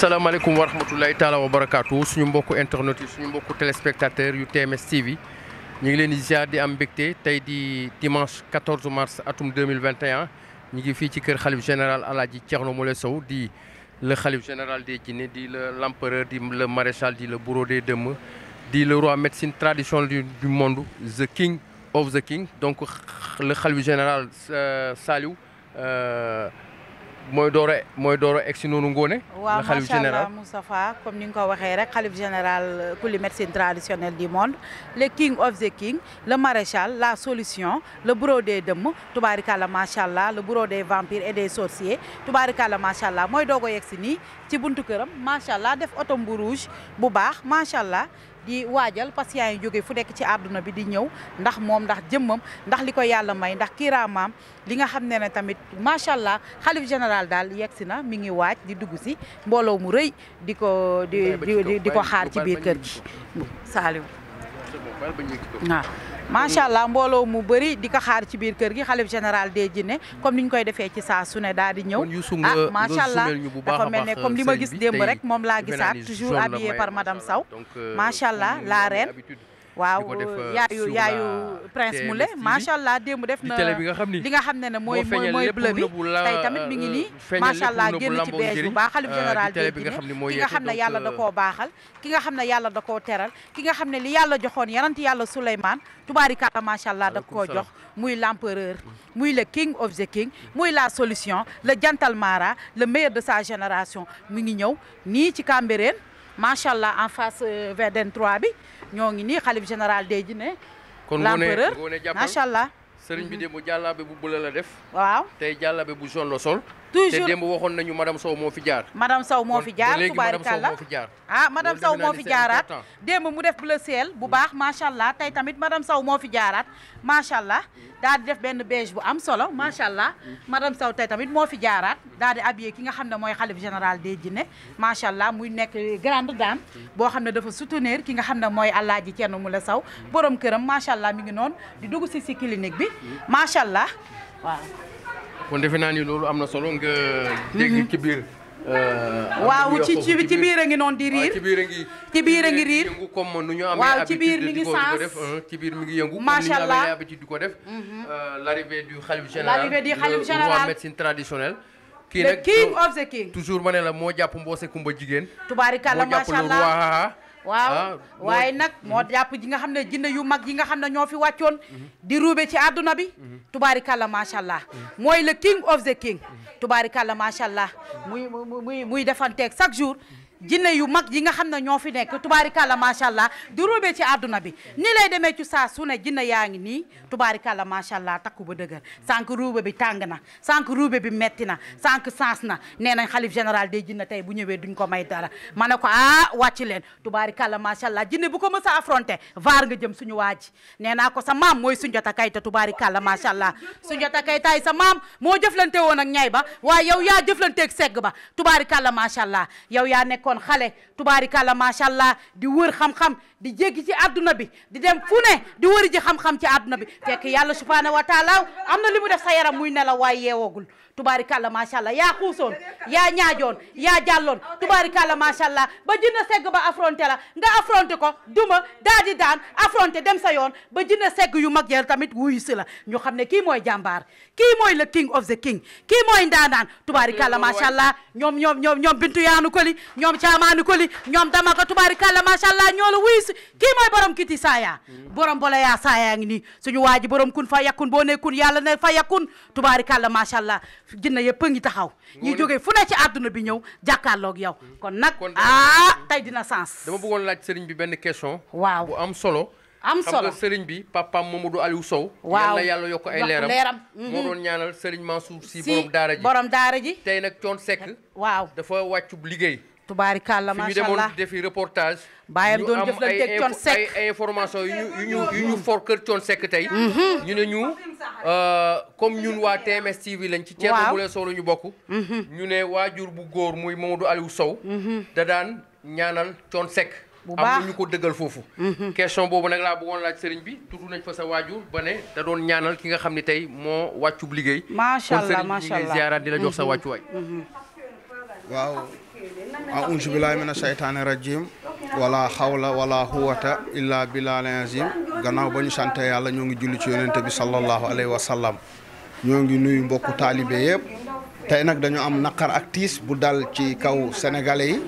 asalaamaaleykum wa rahmatulahi taala wa barakaatu suñu mbokku internet yi suñu mbokku téléspectateur yu TMS TV ñu ngi leen di ziar di am mbégte tey di dimanche 14 mars atum 2021 ñu ngi fii ci kër xalif général Alaaji Thierno Moule Sow di le xalif général des jinne di la l'empereur di le maréchal di le bourreau de dëmm di le roi médecine tradition du monde the king of the king donc le xalif général euh, Saliou. Euh, mooy door a mooy door a egg si noonu Ngone. waaw macha allah Moustapha comme ni nga ko waxee rek xalif général kuli euh, médecine traditionnelle du monde le king of the king la maréchal la solution le bureau des dëmm tubaarikàlla macha allah le bureau des vampires et des sorciers tubaarikàlla macha allah mooy doog a yegg si nii ci buntu këram macha allah def oto bu rouge bu baax macha allah. di waajal patients yi jóge fu nekk ci àdduna bi di ñëw ndax moom ndax jëmmam ndax li ko yàlla may ndax kiiraamaam li nga xam ne ne tamit macha allah xalif général daal yegg si na mi ngi waaj di dugg si mbooloo mu rëy di ko di di ko xaar ci biir kër gi Saliou waaw macha allah mbooloo mu bëri di ko xaar ci biir kër gi xalif général des jinne comme ni ñu koy defee ci saa su ne daal di ñëw ah macha allah dafa mel ne comme li ma gis démb rek moom laa gisaat toujours habillé par madame Sow euh, macha allah la reine waaw euh, yaayu yaayu prince Moulé macha allah démb def na bi nga xam ni li nga xam ne ne mooy mooy mooy bleu bi tey tamit mi ngi euh, nii macha allah génn ci bees bu baax général ne yàlla da euh, koo baaxal ki nga xam ne yàlla da koo teral ki nga xam ne li yàlla joxoon yananti yàlla Souleymane tubaarikàlla macha allah da koo jox muy l'empereur mm. muy le king of the king muy la solution le gentleman le meilleur de sa génération mi ngi ñëw nii ci Cambérène macha allah en face VDN 3 bi ñoo ngi nii xalif général day ji ne. kon l'empereur macha allah. sëriñ bi de bu jàllabe bu bula la def. waaw tey jàllabe bu jaune la sol. toujours te démb waxoon nañu madame Sow moo fi jaar. madame Sow moo fi jaar tubaarikàlla ah madame Sow moo fi ah, jaaraat démb mu def bleu ciel bu baax macha allah tey tamit madame saw moo fi jaaraat macha allah daal di def benn beige bu am solo macha allah madame Sow tey tamit moo fi jaaraat daal di habillé ki nga xam ne mooy xalif général des jinne macha allah muy nekk grande dame boo xam ne dafa soutenir ki nga xam ne mooy ji Alaaji Thierno Moule saw borom këram macha allah mi ngi noonu di dugg si si clinique bi macha allah waaw. kon defe naa ni loolu am na solo nga. Mhm. dégg ci biir. Euh, waaw ci ci biir a ngi noonu di riir ci biir a ngi. ci riir yëngu comme nu ñu amee. waaw ci biir mi ngi sens ci biir yëngu. macha allah comme di ko def. Mhm. Euh, l'arrivée du khalife général l'arrivée du khalife général le kii nag the king of the king. toujours ma la moo jàpp mboose kumba jigéen. tubaarikàlla macha allah moo waaw ah, waaye nag moo jàpp ji nga xam ne jinne yu mag yi nga xam ne ñoo fi wàccoon mhm. di ruube ci àdduna bi mhm. tubaarikàlla macha allah mhm. mooy le king of the king tubaarikàlla macha allah muy muy muy defanteeg chaque jour jinne yu mag yi nga xam ne ñoo fi nekk tubaarikàlla macha allah di ruube ci àdduna bi ni lay demee ci saa su ne jinne yaa ngi nii kalla macha allah takku ba dëgër sànq ruube bi tàng na sànq ruube bi metti na sànq sens na nee nañ xalif général des jinne tey bu ñëwee duñ ko may dara ma ne ko ah wàcc leen tubaarikàlla kalla allah jinne bu ko mës a affronté vaar nga jëm suñu waa ji nee naa ko sa maam mooy Sunjata Kayta tubaarikàlla macha allah Sunjata Kayta ay sa maam moo jëflante woon ak ñay ba waaye yow yaa jëflanteeg segg ba tubaarikàlla macha allah yow yaa nekk nekkoon xale tubaarikàlla macha allah di wër xam-xam di jéggi ci àdduna bi di dem fu ne di wëri ji xam-xam ci àdduna bi fekk yàlla subhaanahu wa taala am na li mu def sa yaram muy nelaw waaye yeewoogul tubaarikàlla macha allah yaa xuusoon yaa ñaajoon yaa jàlloon tubaarikàlla macha allah ba jinne segg ba affronté la nga affronté ko duma daa di daan affronté dem sa yoon ba jinne segg yu mag yar tamit wuyu si la ñu xam ne kii mooy jàmbaar kii mooy la king of the king kii mooy ndaanaan naan macha allah ñoom ñoom ñoom ñoom bintu yaanu koli ñoom caamaanu koli ñoom dama ko tubaarikàlla macha allah ñoo la wuyu si si kii mooy borom kiti saaya borom bola yaa saaya ngi nii suñu waa ji borom kun fa yakun boo ne kun yàlla ne fa yakun tubaarikàlla macha allah jinne yëpp a ngi taxaw ñu jógee fu ne ci àdduna bi ñëw jàkkaarloog yow hmm. kon nag ah tey dina sens dama bëggoon laaj sëriñ bi benn question waaw bu am solo am solo xam nga sëriñ bi papaam Mamadou Aliou Sow. waaw yàlla yàlla yokk ay leeram leeram. moo mm-hmm. doon ñaanal sëriñ Mansour si borom daara ji ji. tey nag coon sekk. waaw dafa wàccu liggéey. tubaari kàlla macha allah fi ñu demoon defi reportage. bàyyam doon jëflanteeg Thione Seck ay information yu ñu yu ñu yu ñu tey. Mhm. ñu ne ñu euh, comme ñun waa TMS TV lañ. ci Thierno Moule Sow la ñu bokk. Mhm. ñu ne waajur bu góor muy Mamadou Aliou Sow. Mhm. da daan ñaanal Thione sekk bu baax am ñu ko dëggal foofu. question boobu nag laa bëggoon laaj sëriñ bi tudd nañ fa sa waajur ba ne da doon ñaanal ki nga xam ne tey moo wàccub liggéey. macha allah macha allah di la jox sa wàccuwaay. waaw. auzu billaahi mina shaytaani rajim wala xawla wala xuwata illa billaahil aziim gannaaw ba ñu sante yàlla ñoo ngi julli ci yonente bi sallallahu alayhi wa sallam ñoo ngi nuyu mbokku taalibe yëpp tey nag dañu am naqar ak tiis bu dal ci kaw sénégalais yi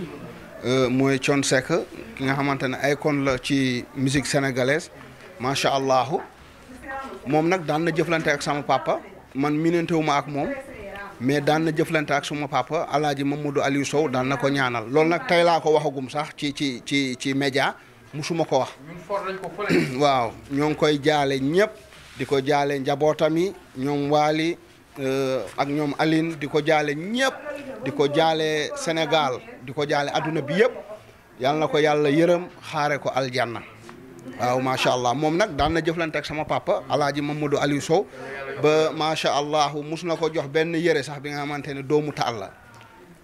euh, mooy Thione ki nga xamante ne icône la ci musique sénégalaise macha allah moom nag daan na jëflante ak sama papa man minante ak moom mais daan na jëflante ak suma papa El Hadj Mamadou Aliou Sow daan na ko ñaanal loolu nag tey laa ko waxagum sax ci ci ci ci média musuma ko wax. waaw ñoo ngi koy jaale ñëpp di ko jaale njabootam yi ñoom waali euh, ak ñoom Aline di ko jaale ñëpp di ko jaale Sénégal di ko jaale adduna bi yëpp yal na ko yàlla yërëm xaare ko aljanna. waaw macha allah moom nag daan na jëflante ak sama papa alaaji Mamadou Aliou Sow ba macha allah mus na ko jox benn yére sax bi nga xamante ne doomu taal la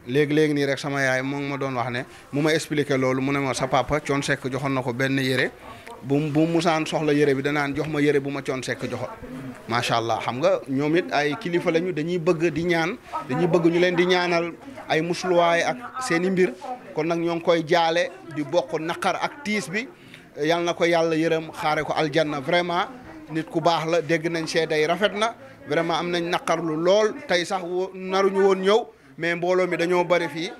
léegi léegi nii rek sama yaay moom ma doon wax ne mu ma expliqué loolu mu ne ma sa papa Thione sekk joxoon na ko benn yére bu bu musaan soxla yére bi danaan jox ma yére bu ma Thione Seck joxoon macha allah xam nga ñoom it ay kilifa lañu dañuy bëgg di ñaan dañuy bëgg ñu leen di ñaanal ay musluwaay ak seen i mbir kon nag ñoo ngi koy jaale di bokk naqar ak tiis bi. yal na ko yàlla yërëm xaare ko aljanna vraiment nit ku baax la dégg nañ seeday rafet na vraiment am nañ naqarlu lool tey sax naruñu woon ñëw mais mbooloo mi dañoo bëri fii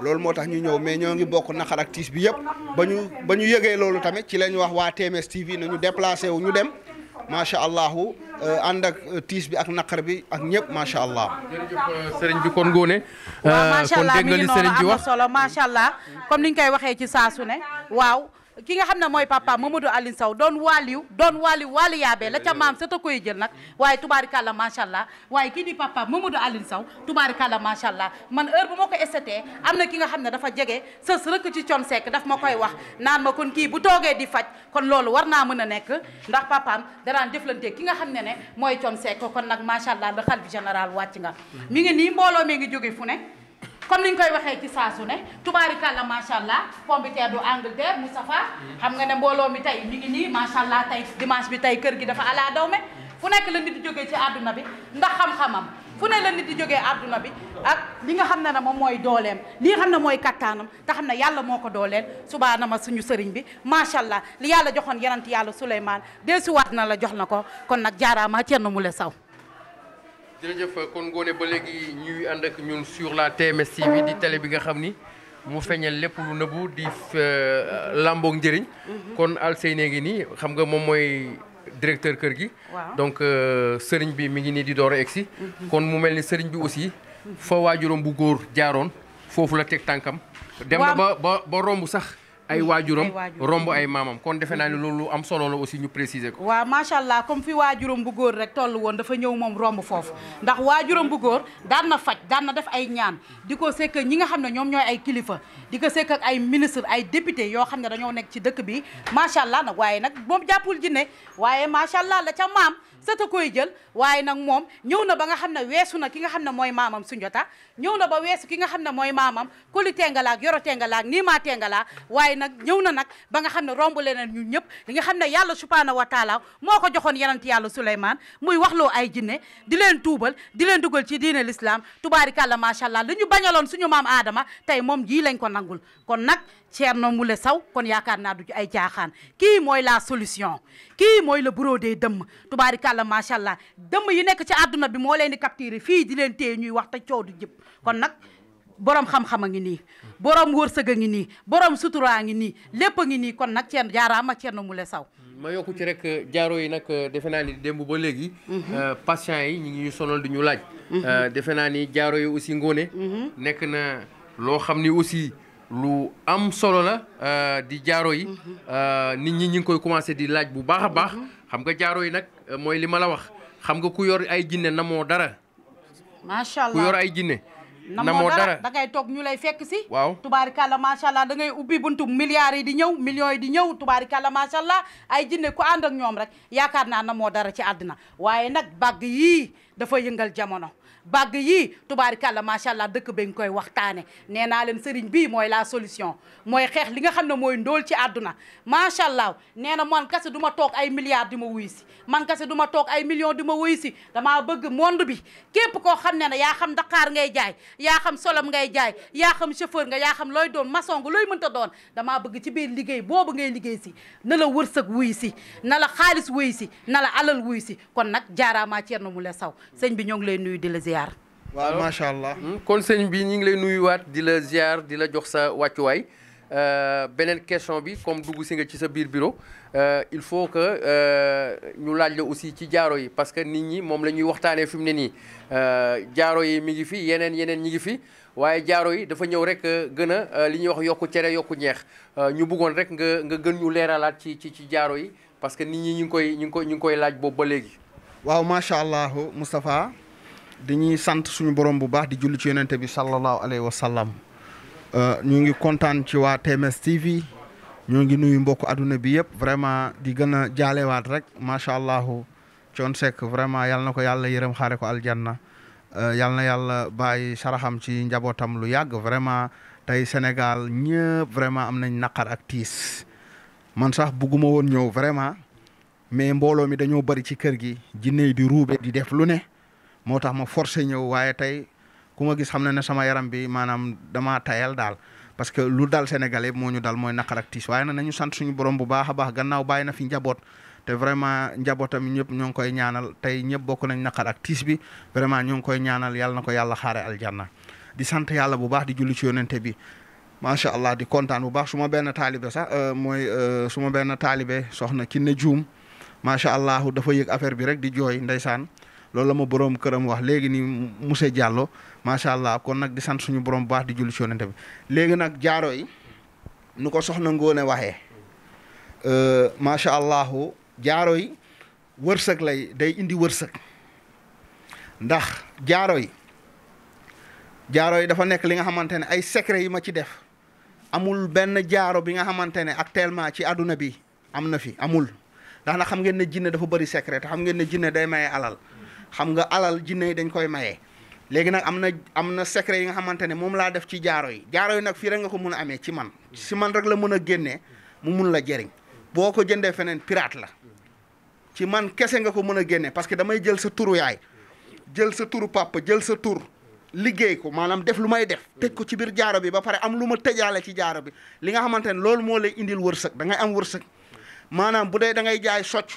loolu moo tax ñu ñëw mais ñoo ngi bokk naqar ak tiis bi yëpp ba ñu ba ñu yëgee loolu tamit ci la ñu wax waa TMS TV nañu déplacé wu ñu dem macha allah euh, ànd ak euh, tiis bi ak naqar bi ak ñëpp macha allah. jërëjëf euh, sëriñ bi kon góone. waaw macha allah mi ngi noonu am na solo macha allah comme waxee ci saa su ne waaw. ki nga xam ne mooy papa Mamadou Aline Sow doon waaliw doon waaliw waali yaabee la ca maam sa ta koy jël nag waaye tubaarikàlla macha allah waaye kii di papa Mamadou Aline Sow tubaarikàlla macha allah man heure bu ma ko estetee am na ki nga xam ne dafa jege sës rëkk ci con sekk daf ma koy wax naan ma kon kii bu toogee di faj kon loolu war naa mën a nekk ndax papaam danaan jëflante ki nga xam ne ne mooy con sekk kon nag macha allah le xalifa général wàcc nga mi ngi nii mbooloo mi ngi jóge fu ne comme ni ñu koy waxee ci saasu ne tubaarikàlla macha allah pomme de terre du Angleterre Moustapha xam nga ne mbooloo mi tey ñu ngi nii macha allah tey dimanche bi tey kër gi dafa ala daw me fu nekk la nit di jógee ci àdduna bi ndax xam-xamam ne la nit di jógee àdduna bi ak li nga xam ne ne moom mooy dooleem lii nga xam ne mooy kattaanam te xam ne yàlla moo ko dooleel subaana ma suñu sëriñ bi macha allah li yàlla joxoon yonent yàlla si dellusiwaat na la jox na ko kon nag jaaraama Thierno Moule Sow jërëjëf kon ngoone ba léegi ñuy ànd ak ñun sur la TMS TV di télé bi nga xam ni mu feeñal lépp lu nëbbu di euh, làmboog njëriñ. Mhm. kon Alseyné ngi nii xam nga moom mooy directeur kër gi. donc euh, sëriñ bi mi ngi nii di door a egsi. Mhm. kon mu mel ni sëriñ bi aussi. Mhm. fa waajuram bu góor jaaroon foofu la teg tànkam. dem na ba ba romb sax. ay waajuram romb ay maamam kon defe naa ne loolu am solo la aussi ñu préciser ko waaw macha allah comme fi waajuram bu góor toll woon dafa ñëw moom romb foofu ndax waajuram bu góor daan na faj daan na def ay ñaan di ko sekk ñi nga xam ne ñoom ñooy ay kilifa di ko sekk ak ay ministre ay député yoo xam ne dañoo nekk ci dëkk bi macha allah nag waaye nag moom jàppul jinne waaye macha allah la ca maam sëta koy jël waaye nag moom ñëw na ba nga xam ne weesu na ki nga xam ne mooy maamam sunjota ñëw na ba weesu ki nga xam ne mooy maamam kuli tengalaak yoro tengalaak nii maa tengalaa waaye nag ñëw na nag ba nga xam ne romb leneen ñu ñëpp li nga xam ne yàlla subhaanahu wa taala moo ko joxoon yenant yàlla Suleymaan muy waxloo ay jinne di leen tuubal di leen dugal ci diine l'islam tubaarikàlla macha allah li ñu bañaloon suñu maam aadama tey moom jii lañ ko nangul kon Thierno Moule saw kon yaakaar naa du ci ay caaxaan kii mooy la solution kii mooy le bureau des dëmm tubaarikàlla macha allah dëmm yi nekk ci àdduna bi moo leen di capturer fii di leen téye ñuy wax te coow du jëb kon nag boroom xam-xam a ngi nii borom wërsëg a ngi nii borom sutura a ngi nii lépp a ngi nii kon nag Thierno jaaraama Thierno Moule saw ma yokku ci rek euh, jaaro yi nag euh, defe naa ni démb ba léegi. Mhm. Euh, patient yi ñu ngi ñu sonal du ñu laaj. Mhm. defe naa ni jaaro yi aussi ngoone. Mhm. nekk na loo xam ni aussi. lu am solo la euh, di jaaro yi mhm. euh, nit ñi ñi ngi koy commencé di laaj bu baax a baax mhm. xam nga jaaro yi nag euh, mooy li ma la wax xam nga ku yor ay jinne moo dara. macha allah ku yor ay jinne moo dara dangay toog ñu lay fekk si. waaw tubaarikàlla macha allah da ngay ubbi buntu milliards yi di ñëw millions yi di ñëw tubaarikàlla macha allah ay jinne ku ànd ak ñoom rek yaakaar naa moo dara ci àddina waaye nag bag yii dafa yëngal jamono. bàgg yii tubaarikàlla macha allah dëkk ba koy waxtaane nee naa leen sëriñ bii mooy la solution mooy xeex li nga xam ne mooy ndóol ci àdduna macha allah nee na man kase du ma toog ay milliards di ma wuyu si man kase du ma toog ay millions di ma wuyu si damaa bëgg monde bi képp koo xam ne ne yaa xam daqaar ngay jaay yaa xam solom ngay jaay yaa xam chauffeur nga yaa xam looy doon maçon nga looy mënta doon damaa bëgg ci biir liggéey boobu ngay liggéey si na la wërsëg wuyu si na la xaalis wuyu si na la alal wuyu si kon nag jaaraamaa Thierno Moule Sow sëñ bi ñoo ngi lay nuyu di waaw macha allah hmm, kon sëñ bi ñu ngi lay nuyuwaat di la ziar di la jox sa wàccuwaay euh, beneen question bi comme dugg si nga ci sa biir bureau euh, il faut que euh, ñu laaj la aussi ci jaaro yi parce que nit ñi moom la ñuy waxtaanee fi mu ne nii jaaro yi mi ngi fi yeneen yeneen ñi ngi fi waaye jaaro yi dafa ñëw rek gën a li ñuy wax yokk cere yokk ñeex ñu buggoon rek nga nga gën ñu leeralaat ci ci ci jaaro yi parce que nit ñi ñu ngi koy ñu ngi koy ñu ngi koy laaj boobu ba léegi. waaw macha allah dañuy sant suñu borom bu baax di julli ci yonente bi sallallahu alayhi wa sallam euh, ñu ngi kontaan ci waa temes TV ñoo ngi nuyu mbokk adduna bi yëpp vraiment di gën a jaalewaat rek macha allah Thione Seck vraiment yal na ko yàlla yërëm xaare ko aljanna euh, yal na yàlla bàyyi saraxam ci njabootam lu yàgg vraiment tey Sénégal ñëpp vraiment am nañ naqar ak tiis man sax bugguma woon ñëw vraiment mais mbooloo mi dañoo bari ci kër gi jinne di ruube di def lu ne. moo tax ma forcé ñëw waaye tey ku ma gis xam na ne sama yaram bi maanaam damaa tayal daal parce que lu dal Sénégal yëpp moo ñu dal mooy naqar tiis waaye na nañu sant suñu borom bu baax a baax gannaaw bàyyi na fi njaboot te vraiment njabootam ñëpp ñoo ngi koy ñaanal tey ñëpp bokk nañ naqar tiis bi vraiment ñoo ngi koy ñaanal yàlla na ko yàlla xaare aljanna di sant yàlla bu baax di julli ci yonente bi macha allah di kontaan bu baax suma ma benn taalibe sax euh, mooy euh, su ma benn taalibe soxna ki ne macha allah dafa affaire bi rek di jooy ndeysaan loolu la ma boroom këram wax léegi nii monsieur Diallo macha allah kon nag di sant suñu borom baax di julli ci yonent bi léegi nag jaaro yi nu ko soxna Ngone waxee euh, macha allah jaaro yi wërsëg lay day indi wërsëg ndax jaaro yi jaaro yi dafa nekk li nga xamante ne ay secret yi ma ci def amul benn jaaro bi nga xamante ne actuellement ci àdduna bi am na fi amul ndax nag xam ngeen ne jinne dafa bari secret te xam ngeen ne jinne day maye alal xam nga alal jinne yi dañ koy maye. léegi nag am na am na secret yi nga xamante ne moom laa def ci jaaro yi jaaro yi nag fii nga ko mun a amee ci man si man rek la mën a génnee mu mun la jëriñ boo ko jëndee feneen piraat la ci man kese nga ko mën a génnee parce que damay jël sa turu yaay jël sa turu papa jël sa tur liggéey ko maanaam def lu may def tëj ko ci biir jaaro bi ba pare am lu ma tëjaale ci jaaro bi li nga xamante ne loolu moo lay indil wërsëg da ngay am wërsëg maanaam bu dee da ngay jaay socc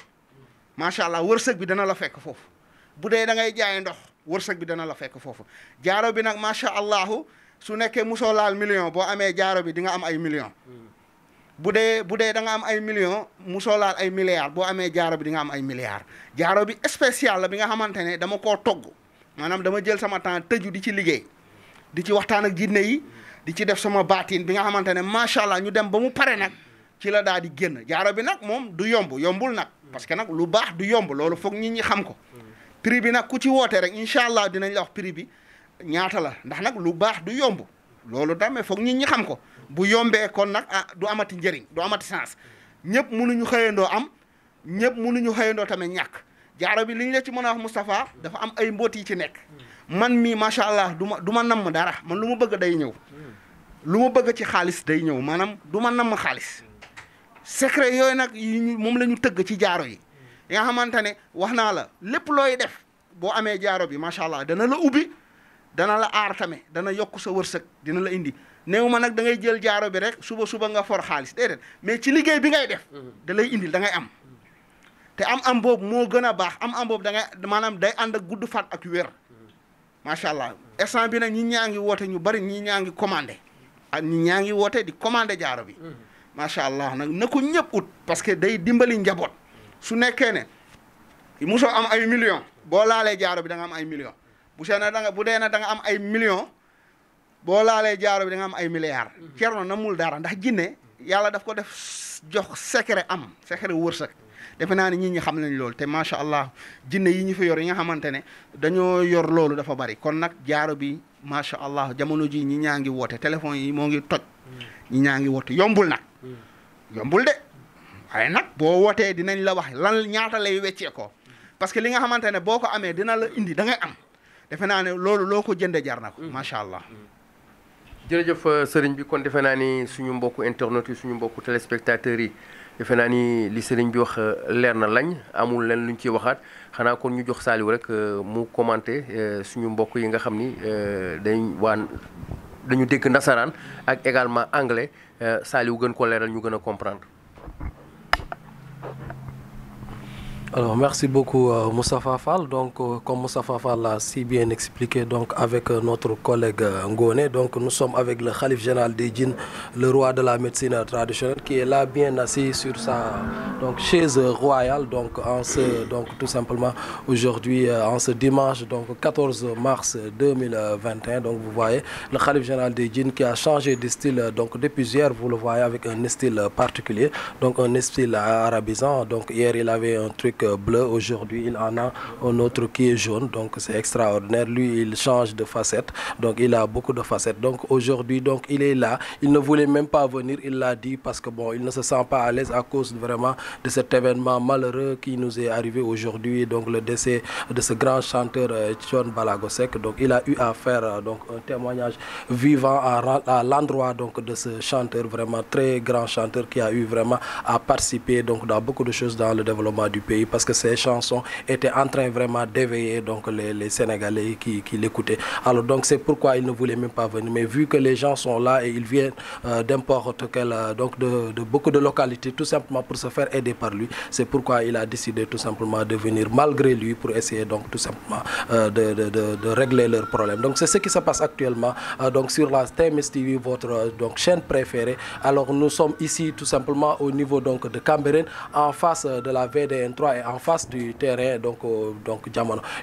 macha allah wërsëg bi dana la fekk foofu bu dee dangay ngay jaay ndox wërsëg bi dana la fekk foofu jaaro bi nag macha allahu su nekkee musoo laal million boo amee jaaro bi di nga am ay million bu dee bu dee da nga am ay million musoo ay milliards boo amee jaaro bi di nga am ay milliards jaaro bi spécial bi nga xamante ne dama koo togg maanaam dama jël sama temps tëju di ci liggéey di ci waxtaan ak jinne yi di ci def sama baatin bi nga xamante ne macha allah ñu dem ba mu pare nag ci la daal di génn jaaro bi nag moom du yomb yombul nag parce que nag lu baax du yomb loolu foog nit ñi xam ko prix bi nag ku ci woote rek incha allah dinañ la wax prix bi ñaata la ndax nag lu baax du yomb loolu damay foog nit ñi xam ko bu yombee kon nag ah du amati njëriñ du amati sens ñëpp mënuñu xëyandoo am ñëpp mënuñu xëyandoo tamit ñàkk jaaro bi li ñu la ci mën a wax Moustapha dafa am ay mbóot yi ci nekk man mii macha allah du ma du ma namm dara man lu ma bëgg day ñëw lu ma bëgg ci xaalis day ñëw maanaam du ma namm xaalis secret yooyu nag yi moom lañu tëgg ci jaaro yi nga xamante ne wax naa la lépp looy def boo amee jaaro bi macha allah dana la ubbi dana la aar tamit dana yokk sa wërsëg dina la indi néew ma nag da ngay jël jaaro bi rek suba suba nga for xaalis déedéet mais ci liggéey bi ngay def. da indi dangay am. te am am boobu moo gën a baax am am boobu da ngay maanaam day ànd ak gudd fat ak wér. macha allah instant bi nag ñi ñaa ngi woote ñu bari ñi ñaa ngi commandé ak ñi ñaa ngi woote di commandé jaaro bi. Mm-hmm. macha allah nag na ñëpp ut parce que day dimbali njaboot. su nekkee ne musoo am ay million boo laalee jaaro bi da am ay million bu see na da bu dee na danga am ay million boo laalee jaaro bi da nga am ay milliards mm-hmm. na mul dara ndax jinne yàlla daf ko def jox secret am secret wërsëg defe naa ne ñit ñi xam nañ loolu te macha allah jinne yi ñu fi yor yi nga xamante ne dañoo yor loolu dafa bari kon nag jaaro bi macha allah jamono ji ñi ñaa ngi woote téléphone yi moo ngi toj mm. ñi ñaa ngi woote yombul nag mm. yombul de waaye nag boo wootee dinañ la wax lan ñaata lay weccee ko parce que li nga xamante ne boo ko amee dina la indi dangay am defe naa ne loolu loo ko jënde jar na ko mm. macha allah mm. jërëjëf euh, sëriñ bi kon defe naa ni suñu mbokku internet yi suñu mbokku téléspectateurs yi defe naa ni li sëriñ bi wax euh, leer na lañ amul leen luñ ciy waxaat xanaa kon ñu jox saaliw rek euh, mu commenté suñu mbokk yi nga xam ni dañ waan dañu dégg nasaraan ak également anglais saaliw gën ko leeral ñu gën a comprendre Alors merci beaucoup euh, Donc euh, comme Moussa Fall l'a si bien expliqué donc avec euh, notre collègue euh, Ngone, donc nous sommes avec le Khalif général des djinns, le roi de la médecine traditionnelle qui est là bien assis sur sa donc chaise royale donc en donc tout simplement aujourd'hui euh, en ce dimanche donc 14 mars 2021 donc vous voyez le Khalif général des djinns qui a changé de style euh, donc depuis hier vous le voyez avec un style particulier donc un style arabisant donc hier il avait un truc bleu, aujourd'hui il en a un autre qui est jaune, donc c'est extraordinaire. Lui, il change de facette, donc il a beaucoup de facettes. Donc aujourd'hui, donc il est là. Il ne voulait même pas venir, il l'a dit parce que bon, il ne se sent pas à l'aise à cause de cet événement malheureux qui nous est arrivé aujourd'hui, donc le décès de ce grand chanteur John euh, Balagosek. Donc il a eu à faire euh, donc un témoignage vivant à, l'endroit donc de ce chanteur vraiment très grand chanteur qui a eu vraiment à participer donc aujourd'hui parce que ces chansons étaient en train vraiment d'éveiller donc les, les Sénégalais qui, qui l'écoutaient. Alors donc c'est pourquoi ils ne voulaient même pas venir. Mais vu que les gens sont là et ils viennent euh, d'importe quel, euh, de, beaucoup de localités, tout simplement pour se faire aider par lui, c'est pourquoi il a décidé tout simplement de venir malgré lui pour essayer donc tout simplement euh, de, régler leurs problèmes. Donc c'est ce qui se passe actuellement sur la TMS est en face du terrain donc euh,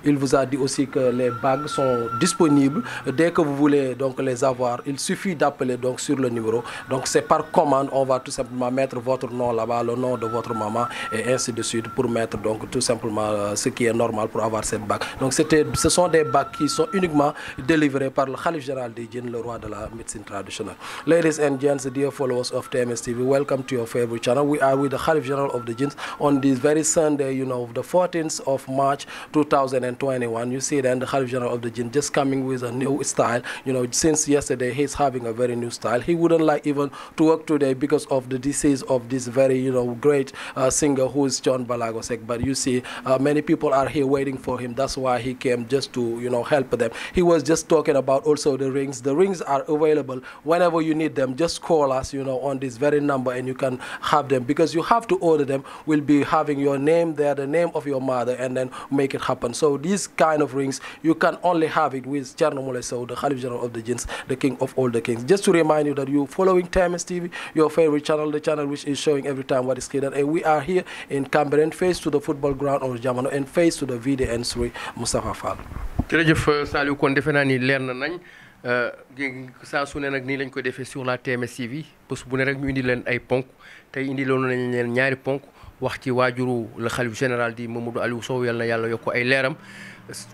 il vous a dit aussi que les bagues sont disponibles dès que vous voulez donc les avoir il suffit d'appeler sur le numéro donc c'est par commande on va tout simplement mettre votre nom là-bas le nom de votre maman et ainsi de suite pour mettre tout simplement euh, ce qui est normal pour avoir cette bague donc des bagues qui sont uniquement délivrées par le khalife général des djinns le roi de la médecine traditionnelle ladies and general Friday, you know, the 14th of March 2021. You see then the Khalif General of the Jinn just coming with a new style. since yesterday, a He wouldn't like even to work today because of the disease of this very, great uh, singer who is John Balagosek. But you see, uh, many people are here waiting for him. That's why he came to, help them. He was just talking about the rings. The rings are available whenever you need them. Just call us, on this very number and you can have them because you have to order them. We'll be having name there, the name of your mother, and then make it happen. So these kind of rings, you can only have it with Chernomole So, the Khalif General of the Jinns, the King of all the Kings. Just to remind you that you're following TMS TV, your favorite channel, the channel which is showing every time what is hidden. And we are here in Camberen, face to the football ground of Jamano, and face to the VDN3, Mustafa Fall. jërëjëf euh, Saliou kon ni leer na nañ euh, su la TMS TV bés bu ne rek ñu indi leen ay wax ci waajuru la xalif général di Mamadou Aliou Sow yal na yàlla yokk ay leeram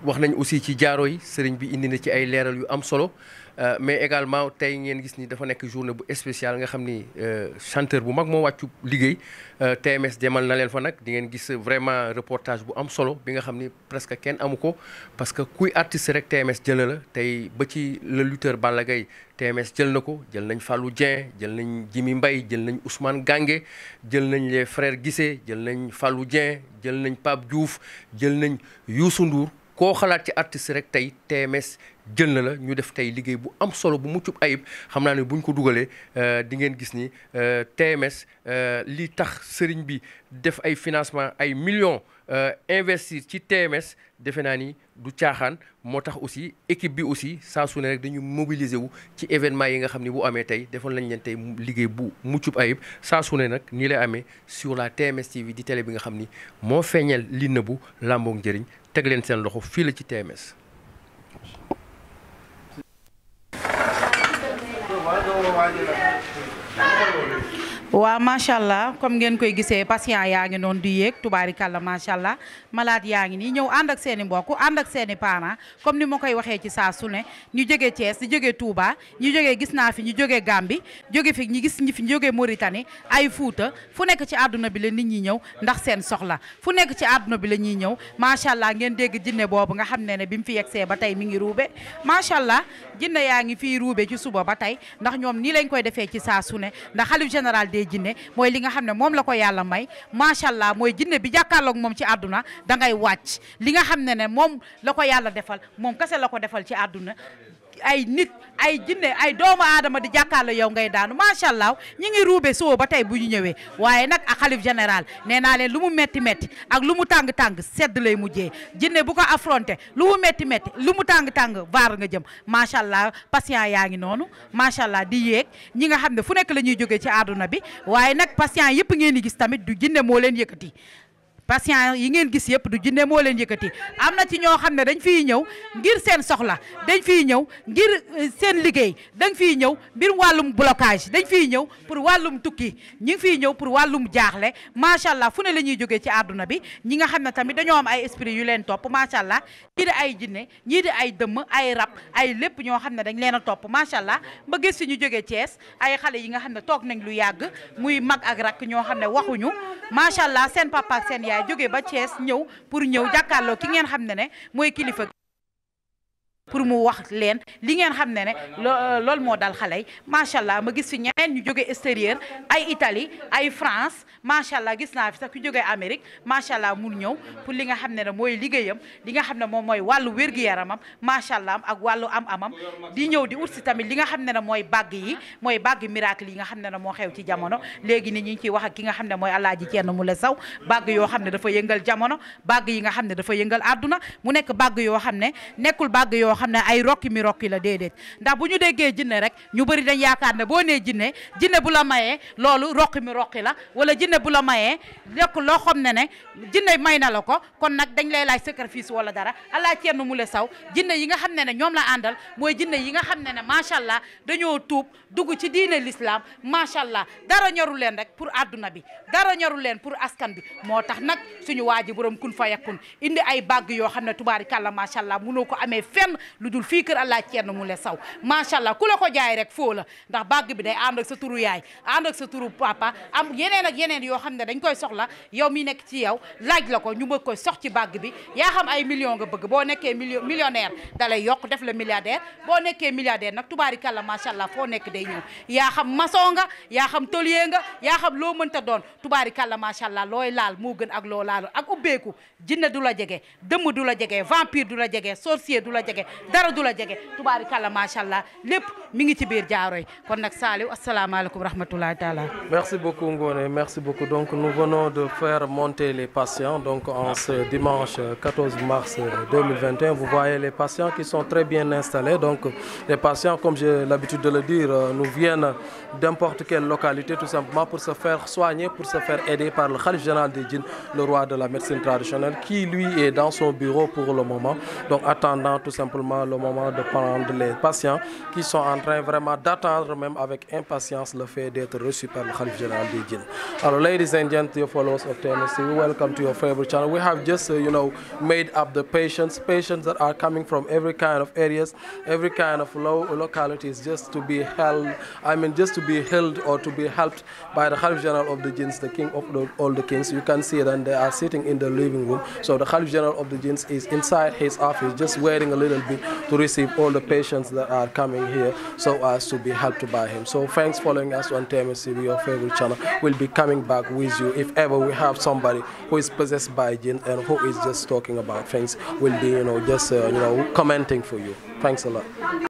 wax nañ aussi ci jaaro yi sëriñ bi indi na ci ay leeral yu am solo Euh, mais également tey ngeen gis ni dafa nekk journée bu espécial nga xam ni euh, chanteur bu mag moo wàccu liggéey euh, TMS demal na leen fa nag di ngeen gis vraiment reportage bu am solo bi nga xam ni presque kenn amu ko parce que kuy artiste rek TMS jëla la tey ba ci le lutteur Balla Gaye TMS jël na ko jël nañ Fallou Dieng jël nañ Jimi mbay jël nañ Ousmane Gange jël nañ les frères gisee jël nañ Fallou Dieng jël nañ Pape juuf jël nañ Youssou Ndour koo xalaat ci artiste rek tey TMS jël na la ñu def tey liggéey bu am solo bu muccub ayib xam naa ne buñ ko dugalee euh, di ngeen gis ni euh, TMS euh, li tax sëriñ bi def ay financement ay millions investir ci TMS defe naa ni du caaxaan moo tax aussi équipe bi aussi saa su ne rek dañu mobiliser wu ci événement yi nga xam ne bu amee tey defoon nañ leen tey liggéey bu muccub ayib saa su nag nii lay amee sur la TMS TV di tele bi nga xam ni moo feeñal li nëbbu làmboog njëriñ teg leen seen loxo fii la ci TMS. waa macha allah comme ngeen koy gisee patient yaa ngi noonu di yéeg tubaarikàlla macha allah malade yaa ngi nii ñëw ànd ak seen i mbokk ànd ak seeni i parents comme ni ma koy waxee ci saa su ne ñu jógee Thiès ñu jógee Touba ñu jógee gis naa fi ñu jógee Gambie jóge fi ñu gis ñi fi ñu jógee Mauritanie ay Fuuta fu nekk ci àdduna bi la nit ñi ñëw ndax seen soxla fu nekk ci àdduna bi la ñuy ñëw macha allah ngeen dégg jinne boobu nga xam ne ne bi mu fi yegsee ba tey mi ngi ruube macha allah jinne yaa ngi fii ruube ci suba ba tey ndax ñoom nii lañ koy defee ci saa su ne ndax dee jinne mooy li nga xam ne moom la ko yàlla may macha allah mooy jinne bi jàkkaarloog moom ci àdduna dangay wàcc li nga xam ne ne moom la ko yàlla defal moom kese la ko defal ci àdduna ay nit ay jinne ay doomu aadama di jàkkaarloo yow ngay daanu macha allah ñi ngi ruube soo ba tey bu ñu ñëwee waaye nag ak xalif général nee naa leen lu mu metti metti ak lu mu tàng tàng sedd lay mujjee jinne bu ko affronté lu mu metti metti lu mu tàng tàng vaar nga jëm macha allah patient yaa ngi noonu macha allah di yéeg ñi nga xam ne fu nekk la ñuy jógee ci àdduna bi waaye nag patient yëpp ngeen di gis tamit du jinne moo leen yëkkati patient yi ngeen gis yëpp du jinne moo leen yëkkati am na ci ñoo xam ne dañ fiy ñëw ngir seen soxla dañ fi ñëw ngir euh, seen liggéey dañ fi ñëw mbir wàllum blocage dañ fi ñëw pour wàllum tukki ñi ngi fiy ñëw pour wàllum jaaxle macha allah fu ne la ñuy jógee ci àdduna bi ñi nga xam ne tamit dañoo am ay esprit yu leen topp macha allah ñii di ay jinne ñii di ay dëmm ay rab ay lépp ñoo xam ne dañ leen a topp macha allah ba gis si ñu jógee cees ay xale yi nga xam ne toog nañ lu yàgg muy mag ak rakk ñoo xam ne waxuñu Ndiaye jógee ba Thiès ñëw pour ñëw jàkkaarloo ki ngeen xam ne ne mooy kilifa pour mu wax leen li ngeen xam ne ne euh, loolu moo dal xale yi allah ma gis fi ñeneen ñu jóge extérieur ay Italie ay France macha allah gis naa fi sax ku jóge Amérique macha allah mu ñëw pour li nga xam ne ne mooy liggéeyam li nga xam ne moom mooy wàllu wér-gu-yaramam macha allah ak wàllu am-amam di ñëw di ut si tamit li nga xam ne ne mooy bàgg yi mooy bàgg miracle yi nga xam ne ne moo xew ci jamono léegi ni ñu ngi ciy wax ak ki nga xam ne mooy ji Alaaji mu la saw bàgg yoo xam ne dafa yëngal jamono bàgg yi nga xam ne dafa yëngal àdduna mu nekk bàgg yoo xam ne nekkul bàgg yoo xam ne ay rokki mi rokki la déedéet ndax bu ñu déggee jinne rek ñu bari dañ yaakaar ne boo nee jinne jinne bu la mayee loolu rokki mi rokki la wala jinne bu la mayee nekk loo xam ne ne jinne may na la ko kon nag dañ lay laaj sacrifice wala dara allah ceenn mu le saw jinne yi nga xam ne ne ñoom la àndal mooy jinne yi nga xam ne ne macha allah dañoo tuub dugg ci diine l'islam macha allah dara ñoru leen rek pour adduna bi dara ñoru leen pour askan bi moo tax nag suñu waa ji borom kun fa yakun indi ay bag yoo xam ne tubaari kàlla macha allah munoo ko amee fenn lu dul fii kër allah mu Moule saw macha allah ku la ko jaay rek foo la ndax bàgg bi day ànd ak sa turu yaay ànd ak sa turu papa am yeneen ak yeneen yoo xam ne dañ koy soxla yow mi nekk ci yow laaj la ko ñu bëgg koy sox ci bàgg bi yaa xam ay million nga bëgg boo nekkee million millionnaire dalay yokk def la milliardaire boo nekkee milliardaire nag tubaarikàlla macha allah foo nekk day ñëw yaa xam maçon nga yaa xam tôlier nga yaa xam loo mënta doon tubaarikàlla macha allah looy laal moo gën ak loo laal ak ubbeeku jinne du la jege dëmm du la jege vampire du la jege sorcier du la jege dara du la jege tubaarikàlla macha allah lépp mi ngi ci biir Thiaroye kon nag Saliou asalaamaaleykum rahmatullahi taala merci beaucoup Ngone merci beaucoup donc nous venons de faire monter les patients donc en ce dimanche 14 mars 2021 vous voyez les patients qui sont très bien installés donc les patients comme j'ai l'habitude de le dire euh, nous viennent d'importe quelle localité tout simplement pour se faire soigner pour se faire aider par le Khalif général des djinns le roi de la médecine traditionnelle qui lui est dans son bureau attendant tout simplement le moment en train vraiment d'attendre même avec impatience le fait d'être reçu par le Khalif General des Jinn. Alors, ladies and gents, dear followers of Tennessee, we have just, uh, made up the patients, that are coming from every kind of areas, every kind of localities, just to be held, I mean, just to be held or to the Khalif General of the Jinns, the they sitting in the living room. the Khalif General of the Jinns is inside his office, just a little bit to receive all the patients so as to be helped by him. So thanks following us on TMSCB, your favorite channel. We'll be coming back with you if ever we have somebody who is possessed by jinn and who is just talking about things. We'll be, you know, just, uh, you know, commenting for you. Thanks a lot.